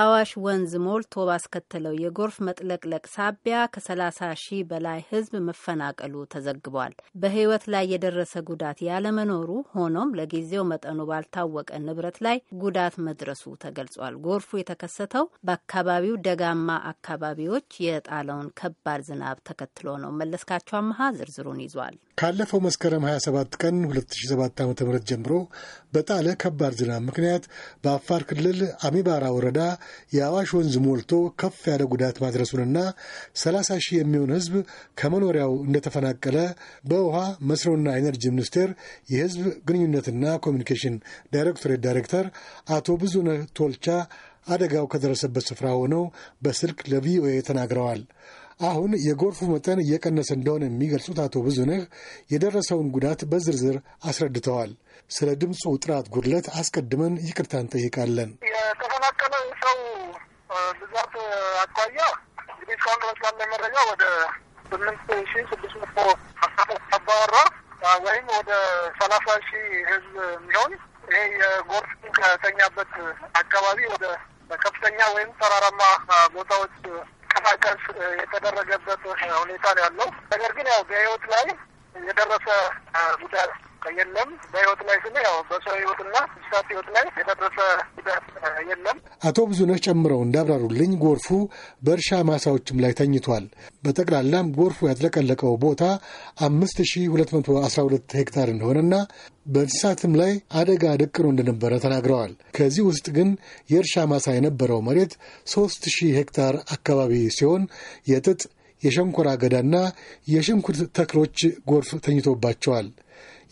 የአዋሽ ወንዝ ሞልቶ ባስከተለው የጎርፍ መጥለቅለቅ ሳቢያ ከ30 ሺህ በላይ ሕዝብ መፈናቀሉ ተዘግቧል። በሕይወት ላይ የደረሰ ጉዳት ያለመኖሩ፣ ሆኖም ለጊዜው መጠኑ ባልታወቀ ንብረት ላይ ጉዳት መድረሱ ተገልጿል። ጎርፉ የተከሰተው በአካባቢው ደጋማ አካባቢዎች የጣለውን ከባድ ዝናብ ተከትሎ ነው። መለስካቸው አመሃ ዝርዝሩን ይዟል። ካለፈው መስከረም 27 ቀን 2007 ዓ ም ጀምሮ በጣለ ከባድ ዝናብ ምክንያት በአፋር ክልል አሚባራ ወረዳ የአዋሽ ወንዝ ሞልቶ ከፍ ያለ ጉዳት ማድረሱንና 30 ሺህ የሚሆን ህዝብ ከመኖሪያው እንደተፈናቀለ በውሃ መስኖና ኤነርጂ ሚኒስቴር የህዝብ ግንኙነትና ኮሚኒኬሽን ዳይሬክቶሬት ዳይሬክተር አቶ ብዙነህ ቶልቻ አደጋው ከደረሰበት ስፍራ ሆነው በስልክ ለቪኦኤ ተናግረዋል። አሁን የጎርፉ መጠን እየቀነሰ እንደሆነ የሚገልጹት አቶ ብዙነህ የደረሰውን ጉዳት በዝርዝር አስረድተዋል። ስለ ድምፁ ጥራት ጉድለት አስቀድመን ይቅርታ እንጠይቃለን። የተፈናቀለ ሰው ብዛት አኳያ እንግዲህ እስካሁን ድረስ ባለ መረጃ ወደ ስምንት ሺ ስድስት መቶ አባወራ ወይም ወደ ሰላሳ ሺ ህዝብ የሚሆን ይሄ የጎርፍ ከተኛበት አካባቢ ወደ ከፍተኛ ወይም ተራራማ ቦታዎች እንዲንቀሳቀስ የተደረገበት ሁኔታ ነው ያለው። ነገር ግን ያው በህይወት ላይ የደረሰ ጉዳት የለም። በህይወት ላይ ስለ ያው በሰው ህይወትና እንስሳት ህይወት ላይ የደረሰ ጉዳት የለም። አቶ ብዙነህ ጨምረው እንዳብራሩልኝ ጎርፉ በእርሻ ማሳዎችም ላይ ተኝቷል። በጠቅላላም ጎርፉ ያጥለቀለቀው ቦታ 5212 ሄክታር እንደሆነና በእንስሳትም ላይ አደጋ ደቅኖ እንደነበረ ተናግረዋል። ከዚህ ውስጥ ግን የእርሻ ማሳ የነበረው መሬት 3000 ሄክታር አካባቢ ሲሆን የጥጥ የሸንኮራ አገዳና የሽንኩርት ተክሎች ጎርፍ ተኝቶባቸዋል።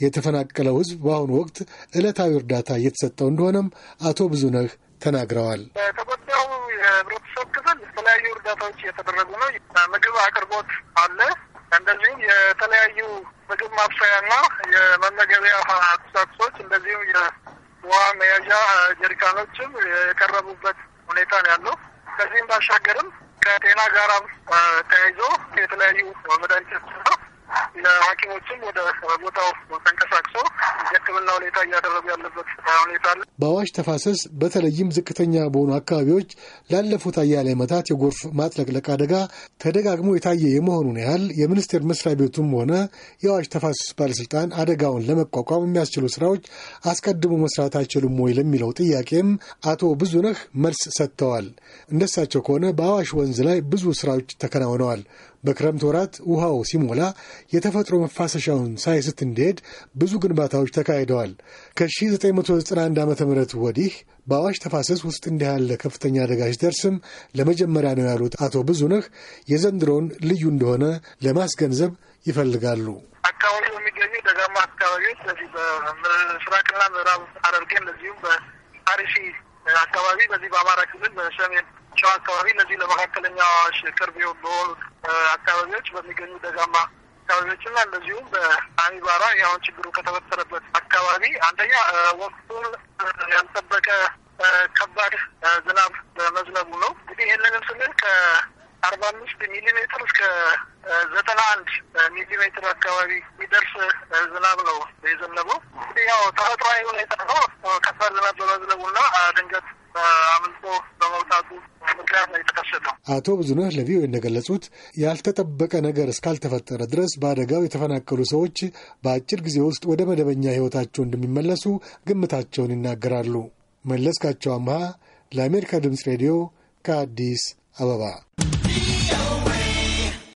የተፈናቀለው ሕዝብ በአሁኑ ወቅት ዕለታዊ እርዳታ እየተሰጠው እንደሆነም አቶ ብዙነህ ተናግረዋል። የተጎዳው የህብረተሰብ ክፍል የተለያዩ እርዳታዎች እየተደረጉ ነው። ምግብ አቅርቦት አለ። እንደዚሁም የተለያዩ ምግብ ማብሰያና የመመገቢያ ቁሳቁሶች እንደዚሁም የውሃ መያዣ ጀሪካኖችም የቀረቡበት ሁኔታ ነው ያለው። ከዚህም ባሻገርም ከጤና ጋራም ተያይዞ የተለያዩ መድኃኒቶችና ሐኪሞችም ወደ ቦታው ተንቀሳቅሶ የሕክምና ሁኔታ እያደረጉ ያለበት ሁኔታ አለ። በአዋሽ ተፋሰስ በተለይም ዝቅተኛ በሆኑ አካባቢዎች ላለፉት አያሌ ዓመታት የጎርፍ ማጥለቅለቅ አደጋ ተደጋግሞ የታየ የመሆኑን ያህል የሚኒስቴር መስሪያ ቤቱም ሆነ የአዋሽ ተፋሰስ ባለስልጣን አደጋውን ለመቋቋም የሚያስችሉ ስራዎች አስቀድሞ መስራት አይችሉም ወይ ለሚለው ጥያቄም አቶ ብዙነህ መልስ ሰጥተዋል። እንደሳቸው ከሆነ በአዋሽ ወንዝ ላይ ብዙ ስራዎች ተከናውነዋል። በክረምት ወራት ውሃው ሲሞላ የተፈጥሮ መፋሰሻውን ሳይስት ስትንሄድ ብዙ ግንባታዎች ተካሂደዋል። ከ1991 ዓ ም ወዲህ በአዋሽ ተፋሰስ ውስጥ እንዲህ ያለ ከፍተኛ አደጋ ሲደርስም ለመጀመሪያ ነው ያሉት አቶ ብዙነህ የዘንድሮውን ልዩ እንደሆነ ለማስገንዘብ ይፈልጋሉ። አካባቢው የሚገኙ ደጋማ አካባቢዎች በዚህ በምስራቅና ምዕራብ ሐረርጌ እንደዚሁም በአርሲ አካባቢ በዚህ በአማራ ክልል በሰሜን ሸዋ አካባቢ እነዚህ ለመካከለኛ አዋሽ ቅርብ የሆኑ አካባቢዎች በሚገኙ ደጋማ ና እንደዚሁም በአሚባራ የአሁን ችግሩ ከተፈጠረበት አካባቢ አንደኛ ወቅቱን ያልጠበቀ ከባድ ዝናብ በመዝነቡ ነው። እንግዲህ ይህንንም ስንል ከአርባ አምስት ሚሊሜትር እስከ ዘጠና አንድ ሚሊሜትር አካባቢ የሚደርስ ዝናብ ነው የዘነበው። ያው ተፈጥሯዊ ሁኔታ ነው። ከባድ ዝናብ ና አቶ ብዙነህ ለቪኦኤ እንደገለጹት ያልተጠበቀ ነገር እስካልተፈጠረ ድረስ በአደጋው የተፈናቀሉ ሰዎች በአጭር ጊዜ ውስጥ ወደ መደበኛ ሕይወታቸው እንደሚመለሱ ግምታቸውን ይናገራሉ። መለስካቸው አምሃ ለአሜሪካ ድምፅ ሬዲዮ ከአዲስ አበባ